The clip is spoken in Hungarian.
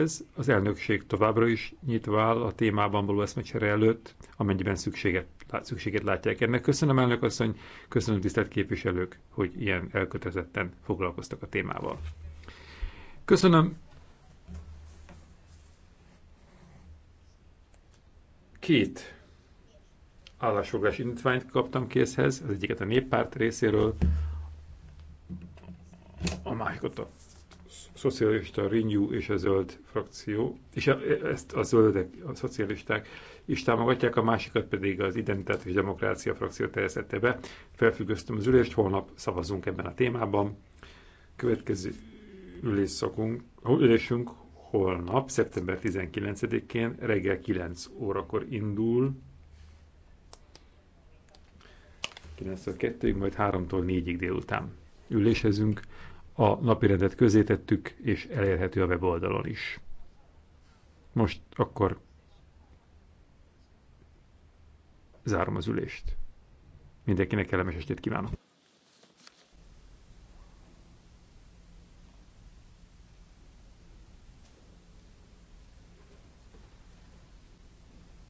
Ez az elnökség továbbra is nyitva áll a témában való eszmecsere előtt, amennyiben szükséget, szükséget látják ennek. Köszönöm, elnök asszony, köszönöm tisztelt képviselők, hogy ilyen elkötelezetten foglalkoztak a témával. Köszönöm. Két állásfoglás indítványt kaptam készhez, az egyiket a néppárt részéről, a másikot a szocialista, Renew és a zöld frakció, és a, ezt a zöldek, a szocialisták is támogatják, a másikat pedig az Identitás és Demokrácia frakció terjesztette be. Felfüggöztem az ülést, holnap szavazunk ebben a témában. Következő ülésszakunk, ülésünk holnap, szeptember 19-én reggel 9 órakor indul. 9-től 2-ig, majd 3-tól 4-ig délután ülésezünk a napirendet tettük, és elérhető a weboldalon is. Most akkor zárom az ülést. Mindenkinek kellemes estét kívánok!